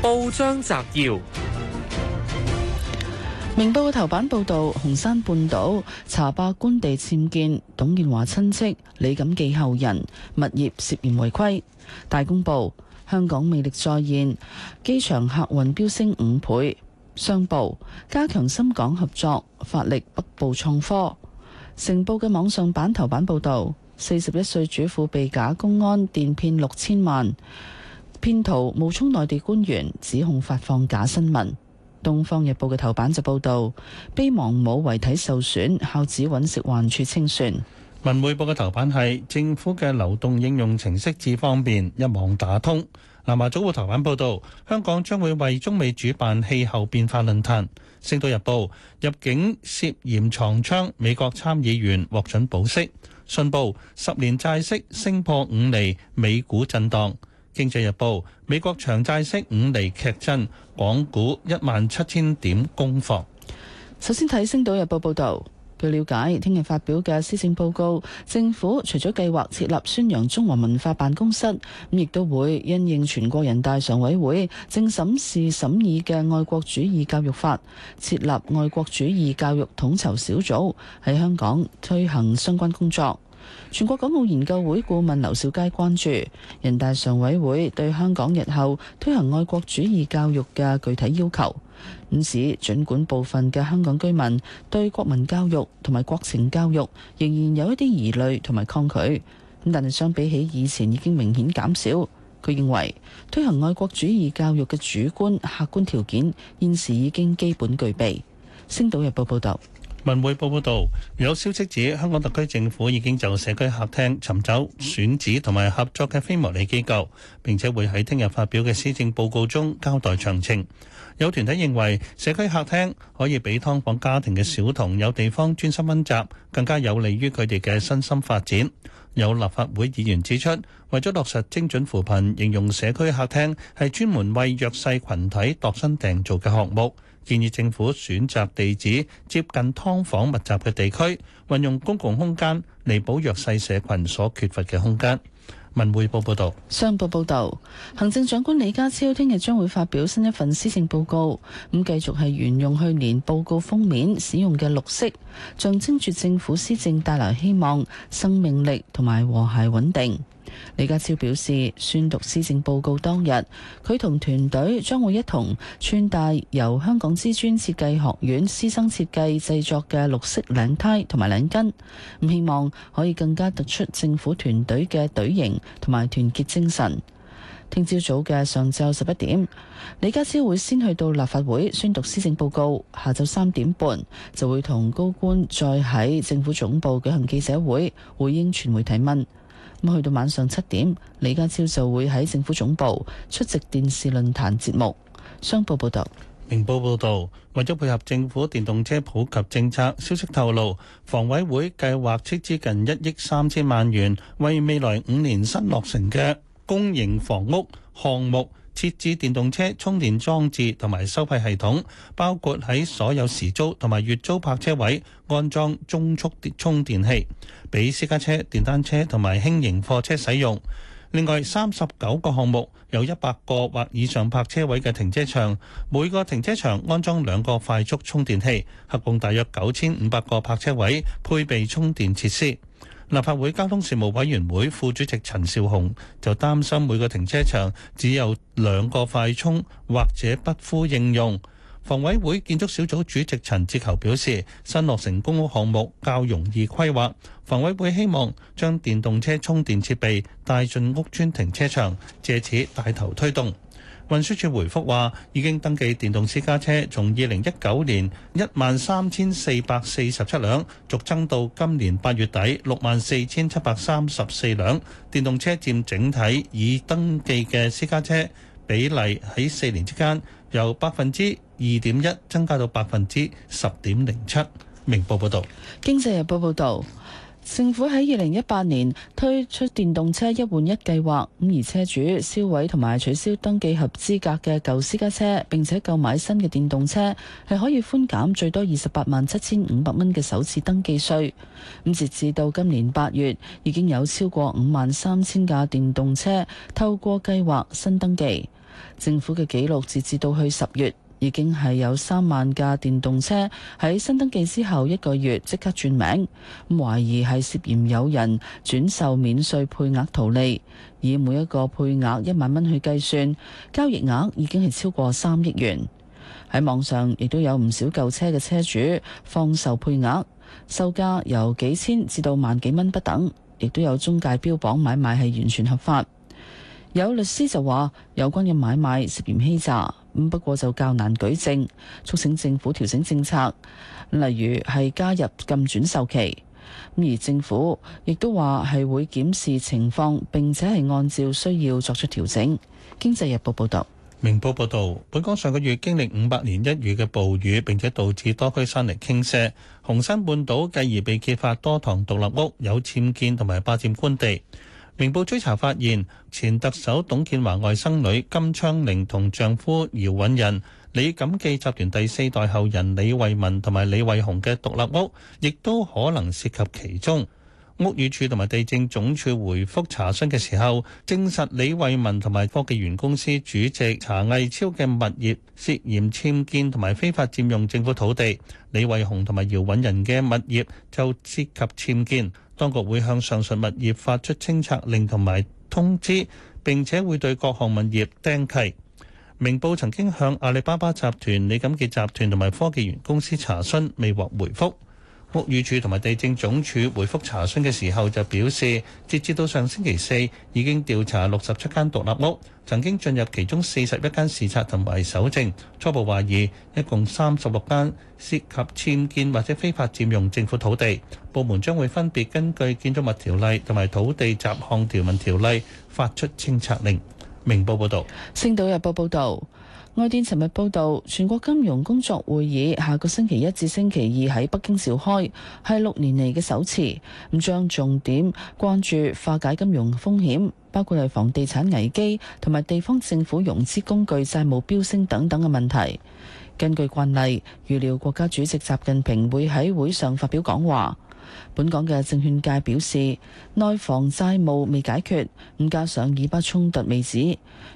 報章摘要：明報嘅頭版報道，紅山半島查霸官地僭建，董建華親戚、李錦記後人物業涉嫌違規。大公報：香港魅力再現，機場客運飆升五倍。商報：加強深港合作，發力北部創科。成報嘅網上版頭版報道：四十一歲主婦被假公安電騙六千萬。騙徒冒充內地官員，指控發放假新聞。《東方日報》嘅頭版就報道，悲亡母遺體受損，孝子揾食還處清算。《文匯報》嘅頭版係政府嘅流動應用程式至方便，一網打通。《南華早報》頭版報道，香港將會為中美主辦氣候變化論壇。《星島日報》入境涉嫌藏槍，美國參議員獲准保釋。《信報》十年債息升破五厘，美股震蕩。經濟日報：美國長債息五厘劇增，港股一萬七千點攻防。首先睇《星島日報》報道，據了解，聽日發表嘅施政報告，政府除咗計劃設立宣揚中華文，文化辦公室，咁亦都會因應全國人大常委會正審視審議嘅《愛國主義教育法》，設立愛國主義教育統籌小組，喺香港推行相關工作。全國港澳研究會顧問劉兆佳關注人大常委會對香港日後推行愛國主義教育嘅具體要求，咁指盡管部分嘅香港居民對國民教育同埋國情教育仍然有一啲疑慮同埋抗拒，咁但係相比起以前已經明顯減少。佢認為推行愛國主義教育嘅主觀客觀條件現時已經基本具備。星島日報報道。文匯報報道，有消息指香港特區政府已經就社區客廳尋找選址同埋合作嘅非牟利機構，並且會喺聽日發表嘅施政報告中交代詳情。有團體認為，社區客廳可以俾劏房家庭嘅小童有地方專心溫習，更加有利於佢哋嘅身心發展。有立法會議員指出，為咗落實精準扶貧，形容社區客廳係專門為弱勢群體度身訂做嘅項目。建議政府選擇地址接近劏房密集嘅地區，運用公共空間嚟彌補弱勢社群所缺乏嘅空間。文匯報報道：「商報報道，行政長官李家超聽日將會發表新一份施政報告，咁繼續係沿用去年報告封面使用嘅綠色，象徵住政府施政帶來希望、生命力同埋和諧穩定。李家超表示，宣讀施政報告當日，佢同團隊將會一同穿戴由香港知專設計學院師生設計製作嘅綠色領呔同埋領巾，咁希望可以更加突出政府團隊嘅隊形同埋團結精神。聽朝早嘅上晝十一點，李家超會先去到立法會宣讀施政報告，下晝三點半就會同高官再喺政府總部舉行記者會，回應傳媒提問。咁去到晚上七點，李家超就會喺政府總部出席電視論壇節目。商報報道。明報報道，為咗配合政府電動車普及政策，消息透露，房委會計劃斥資近一億三千萬元，為未來五年新落成嘅公營房屋項目。設置電動車充電裝置同埋收費系統，包括喺所有時租同埋月租泊車位，安裝中速充電器，俾私家車、電單車同埋輕型貨車使用。另外，三十九個項目有一百個或以上泊車位嘅停車場，每個停車場安裝兩個快速充電器，合共大約九千五百個泊車位，配備充電設施。立法會交通事務委員會副主席陳紹雄就擔心每個停車場只有兩個快充，或者不敷應用。房委會建築小組主席陳志球表示，新落成公屋項目較容易規劃，房委會希望將電動車充電設備帶進屋邨停車場，借此帶頭推動。運輸署回覆話，已經登記電動私家車從二零一九年一萬三千四百四十七輛，逐增到今年八月底六萬四千七百三十四輛。電動車佔整體已登記嘅私家車比例喺四年之間由百分之二點一增加到百分之十點零七。明報報道，經濟日報報道。政府喺二零一八年推出電動車一換一計劃，咁而車主銷毀、同埋取消登記合資格嘅舊私家車，並且購買新嘅電動車，係可以寬減最多二十八萬七千五百蚊嘅首次登記稅。咁截至到今年八月，已經有超過五萬三千架電動車透過計劃新登記。政府嘅記錄截至到去十月。已經係有三萬架電動車喺新登記之後一個月即刻轉名，咁懷疑係涉嫌有人轉售免稅配額逃利。以每一個配額一萬蚊去計算，交易額已經係超過三億元。喺網上亦都有唔少舊車嘅車主放售配額，售價由幾千至到萬幾蚊不等，亦都有中介標榜買賣係完全合法。有律師就話，有關嘅買賣涉嫌欺詐。咁不過就較難舉證，促請政府調整政策，例如係加入禁轉售期。而政府亦都話係會檢視情況，並且係按照需要作出調整。經濟日報報道，明報報道，本港上個月經歷五百年一遇嘅暴雨，並且導致多區山泥傾瀉，紅山半島繼而被揭發多幢獨立屋有僭建同埋霸佔官地。明報追查發現，前特首董建華外甥女金昌玲同丈夫姚允仁、李錦記集團第四代後人李惠文同埋李惠雄嘅獨立屋，亦都可能涉及其中。屋宇署同埋地政總署回覆查詢嘅時候，證實李惠文同埋科技園公司主席查毅超嘅物業涉嫌僭建同埋非法佔用政府土地，李惠雄同埋姚允仁嘅物業就涉及僭建。當局會向上述物業發出清拆令同埋通知，並且會對各項物業釘契。明報曾經向阿里巴巴集團、李錦記集團同埋科技園公司查詢，未獲回覆。屋宇署同埋地政總署回覆查詢嘅時候就表示，截至到上星期四已經調查六十七間獨立屋，曾經進入其中四十一間視察同埋搜證，初步懷疑一共三十六間涉及僭建或者非法佔用政府土地。部門將會分別根據建築物條例同埋土地雜項條文條例發出清拆令。明報報道。《星島日報》報道。外電尋日報道，全國金融工作會議下個星期一至星期二喺北京召開，係六年嚟嘅首次。咁將重點關注化解金融風險，包括係房地產危機同埋地方政府融資工具債務飆升等等嘅問題。根據慣例，預料國家主席習近平會喺會上發表講話。本港嘅證券界表示，內房債務未解決，咁加上以巴衝突未止，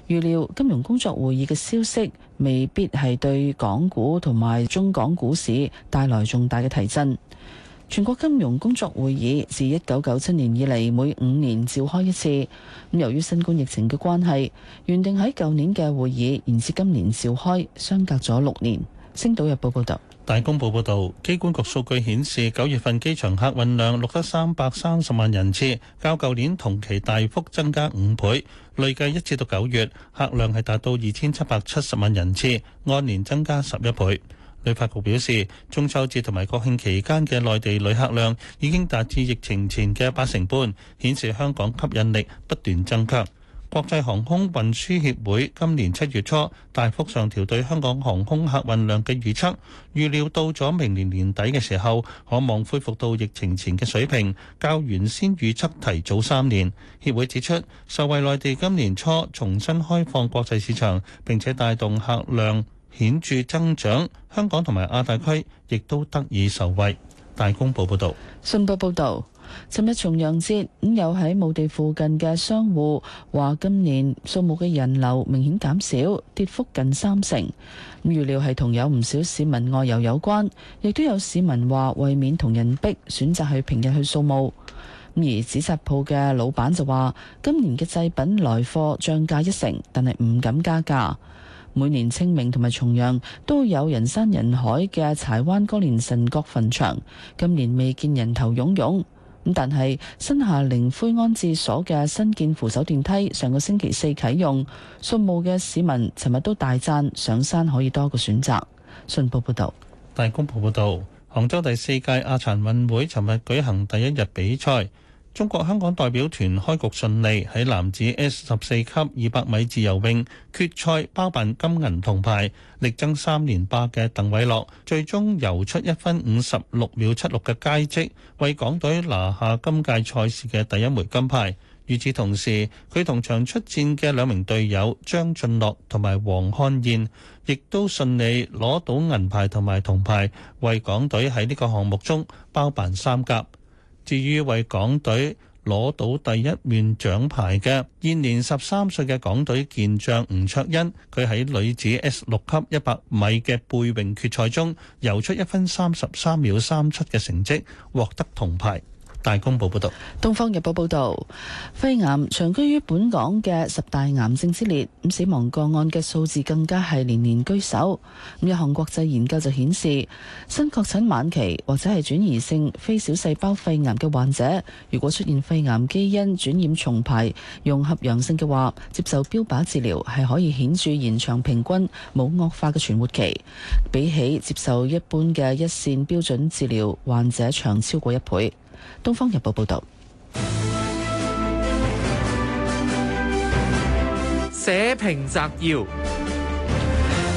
預料金融工作會議嘅消息未必係對港股同埋中港股市帶來重大嘅提振。全國金融工作會議自一九九七年以嚟每五年召開一次，咁由於新冠疫情嘅關係，原定喺舊年嘅會議，延至今年召開，相隔咗六年。星島日報報道。大公報報道，機管局數據顯示，九月份機場客運量錄得三百三十萬人次，較舊年同期大幅增加五倍。累計一至到九月，客量係達到二千七百七十萬人次，按年增加十一倍。旅發局表示，中秋節同埋國慶期間嘅內地旅客量已經達至疫情前嘅八成半，顯示香港吸引力不斷增強。國際航空運輸協會今年七月初大幅上調對香港航空客運量嘅預測，預料到咗明年年底嘅時候，可望恢復到疫情前嘅水平，較原先預測提早三年。協會指出，受惠內地今年初重新開放國際市場，並且帶動客量顯著增長，香港同埋亞太區亦都得以受惠。大公報報道。信報報導。尋日重陽節，咁有喺墓地附近嘅商戶話，今年掃墓嘅人流明顯減少，跌幅近三成。咁預料係同有唔少市民外遊有關，亦都有市民話為免同人逼，選擇去平日去掃墓。而紙紮鋪嘅老闆就話，今年嘅祭品來貨漲價一成，但係唔敢加價。每年清明同埋重陽都有人山人海嘅柴灣歌連臣角墳場，今年未見人頭涌湧。咁但係新下靈灰安置所嘅新建扶手電梯上個星期四啟用，掃墓嘅市民尋日都大讚上山可以多個選擇。信報報道：「大公報報道，杭州第四屆亞殘運會尋日舉行第一日比賽。中國香港代表團開局順利，喺男子 S 十四級二百米自由泳決賽包辦金銀銅牌，力爭三連霸嘅鄧偉樂最終游出一分五十六秒七六嘅佳績，為港隊拿下今屆賽事嘅第一枚金牌。與此同時，佢同場出戰嘅兩名隊友張俊樂同埋黃漢燕，亦都順利攞到銀牌同埋銅牌，為港隊喺呢個項目中包辦三甲。至於為港隊攞到第一面獎牌嘅現年十三歲嘅港隊健將吳卓恩，佢喺女子 S 六級一百米嘅背泳決賽中，游出一分三十三秒三七嘅成績，獲得銅牌。大公報報導，《東方日報》報導，肺癌長居於本港嘅十大癌症之列，咁死亡個案嘅數字更加係年年居首。咁一項國際研究就顯示，新確診晚期或者係轉移性非小細胞肺癌嘅患者，如果出現肺癌基因轉染重排融合陽性嘅話，接受標靶治療係可以顯著延長平均冇惡化嘅存活期，比起接受一般嘅一線標準治療，患者長超過一倍。東方日報報道，社評摘要：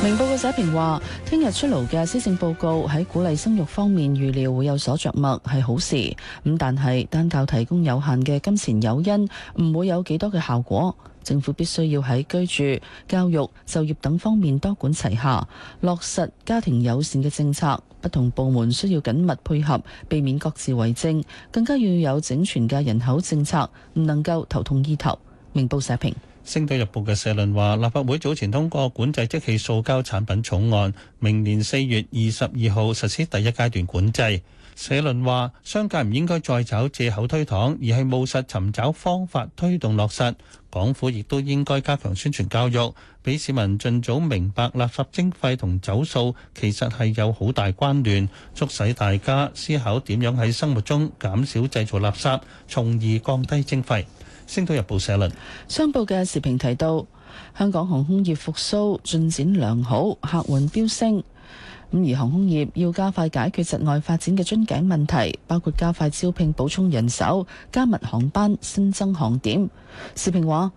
明報嘅社評話，聽日出爐嘅施政報告喺鼓勵生育方面預料會有所着墨，係好事。咁但係單靠提供有限嘅金錢誘因，唔會有幾多嘅效果。政府必須要喺居住、教育、就業等方面多管齊下，落實家庭友善嘅政策。不同部門需要緊密配合，避免各自為政，更加要有整全嘅人口政策，唔能夠頭痛醫頭。明報社評。《星島日報》嘅社論話，立法會早前通過管制即棄塑膠產品草案，明年四月二十二號實施第一階段管制。社論話，商界唔應該再找借口推搪，而係務實尋找方法推動落實。港府亦都應該加強宣傳教育，俾市民盡早明白垃圾徵費同走數其實係有好大關聯，促使大家思考點樣喺生活中減少製造垃圾，從而降低徵費。《星島日報》社論，商報嘅時評提到，香港航空業復蘇進展良好，客運飆升。咁而航空業要加快解決窒外發展嘅樽頸問題，包括加快招聘補充人手、加密航班、新增航點。時評話，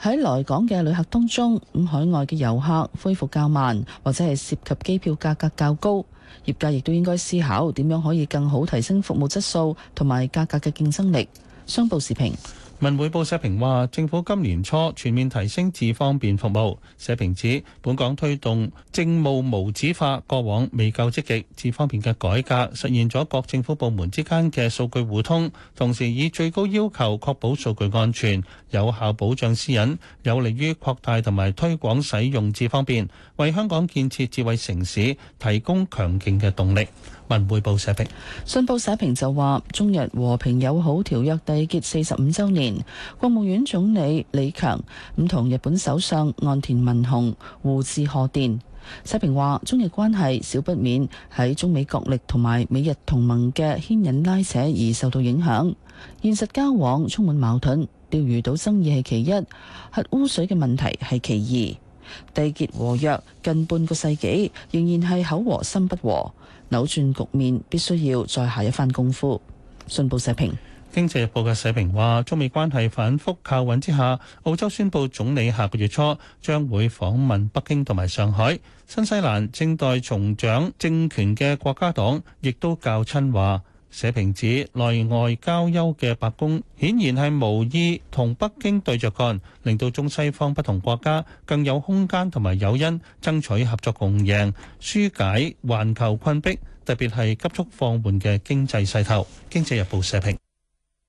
喺來港嘅旅客當中，咁海外嘅遊客恢復較慢，或者係涉及機票價格較高，業界亦都應該思考點樣可以更好提升服務質素同埋價格嘅競爭力。商報時評。文匯報社評話，政府今年初全面提升智方便服務。社評指，本港推動政務無紙化，過往未夠積極。智方便嘅改革實現咗各政府部門之間嘅數據互通，同時以最高要求確保數據安全，有效保障私隱，有利於擴大同埋推廣使用智方便，為香港建設智慧城市提供強勁嘅動力。文匯報社評。信報社評就話，中日和平友好條約締結四十五周年，國務院總理李強唔同日本首相岸田文雄互致賀電。社評話，中日關係少不免喺中美角力同埋美日同盟嘅牽引拉扯而受到影響，現實交往充滿矛盾，釣魚島爭議係其一，核污水嘅問題係其二。締結和約近半個世紀，仍然係口和心不和，扭轉局面必須要再下一番功夫。信報社評，《經濟日報》嘅社評話：中美關係反覆靠穩之下，澳洲宣布總理下個月初將會訪問北京同埋上海。新西蘭正待重掌政權嘅國家黨，亦都較親華。社評指內外交憂嘅白宮，顯然係無意同北京對着幹，令到中西方不同國家更有空間同埋誘因爭取合作共贏，紓解環球困逼，特別係急速放緩嘅經濟勢頭。經濟日報社評。